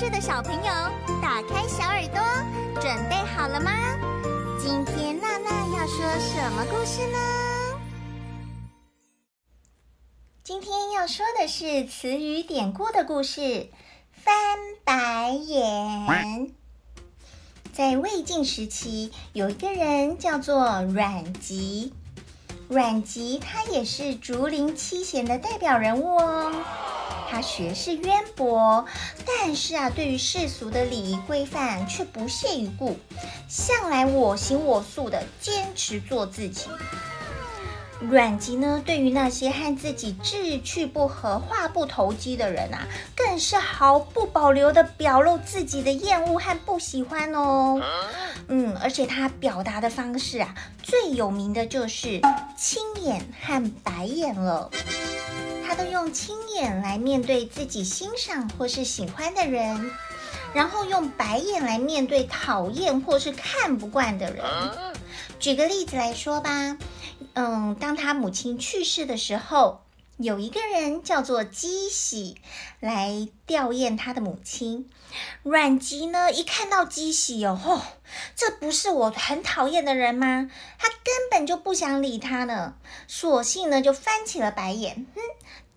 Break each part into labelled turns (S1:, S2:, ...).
S1: 是的小朋友，打開小耳朵，準備好了嗎？
S2: 今
S1: 天娜娜要說什麼故事呢？
S2: 今
S1: 天要說的是詞語典故的故事，《翻白眼》。在魏晉時期，有一個人叫做阮籍。阮籍他也是竹林七賢的代表人物哦，他學識淵博，但是啊，對於世俗的禮儀規範卻不屑一顧，向來我行我素的堅持做自己。阮籍呢，對於那些和自己志趣不合，話不投機的人啊，更是毫不保留地表露自己的厭惡和不喜歡哦。嗯，而且他表達的方式啊，最有名的就是青眼和白眼了。他都用青眼來面對自己欣賞或是喜歡的人，然後用白眼來面對討厭或是看不慣的人。舉個例子來說吧。嗯，當他母親去世的時候，有一個人叫做姬喜來吊唁他的母親。阮籍呢，一看到姬喜哦，哦，這不是我很討厭的人嗎？他根本就不想理他呢，索性呢就翻起了白眼，哼。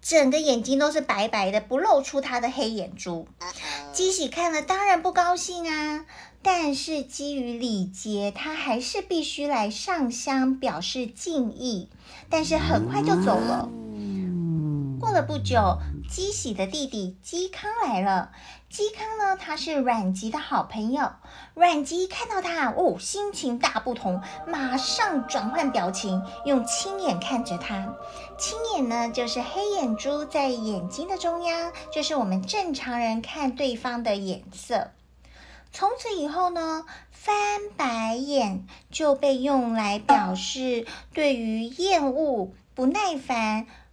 S1: 整個眼睛都是白白的，不露出他的黑眼珠。嵇喜看了當然不高興啊，但是基於禮節，他還是必須來上香表示敬意，但是很快就走了。過了不久，嵇喜的弟弟嵇康來了。嵇康呢，他是阮籍的好朋友。阮籍看到他，哦，心情大不同，馬上轉換表情，用青眼看着他。青眼呢，就是黑眼珠在眼睛的中央，就是我們正常人看對方的眼色。從此以後呢，翻白眼就被用來表示對於厭惡、不耐煩。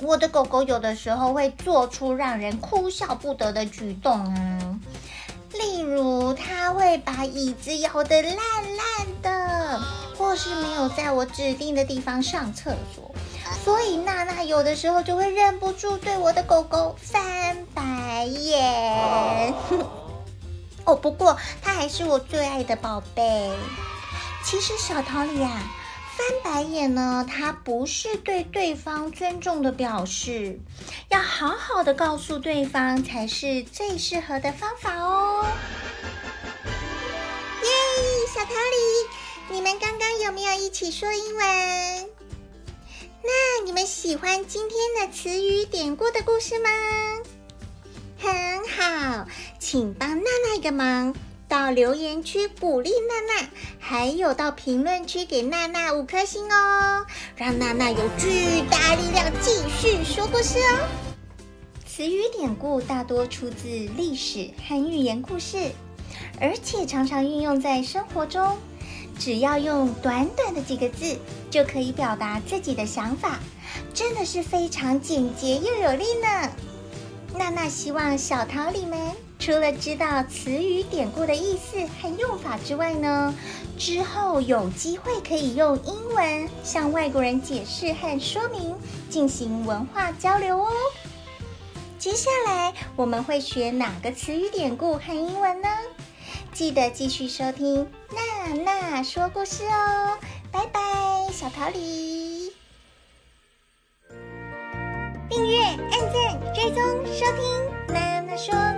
S1: 我的狗狗有的時候會做出讓人哭笑不得的舉動，例如它會把椅子咬得爛爛的，或是沒有在我指定的地方上廁所，所以娜娜有的時候就會忍不住對我的狗狗翻白眼呵呵。哦，不過它還是我最愛的寶貝。其實小桃李啊。翻白眼呢、哦，它不是對對方尊重的表示，要好好的告訴對方才是最適合的方法哦。耶，小桃李，你們剛剛有沒有一起說英文？那你們喜歡今天的詞語典故的故事嗎？很好，請幫娜娜一個忙。到留言區鼓勵娜娜，還有到評論區給娜娜五顆星哦，讓娜娜有巨大力量繼續說故事哦。詞語典故大多出自歷史和寓言故事，而且常常運用在生活中。只要用短短的幾個字就可以表達自己的想法，真的是非常簡潔又有力呢。娜娜希望小桃李們。除了知道詞語典故的意思和用法之外呢，之後有機會可以用英文向外國人解釋和說明，進行文化交流哦。接下來我們會學哪個詞語典故和英文呢？記得繼續收聽娜娜說故事哦，拜拜，小桃李。訂閱、按讚、追蹤、收聽，娜娜說。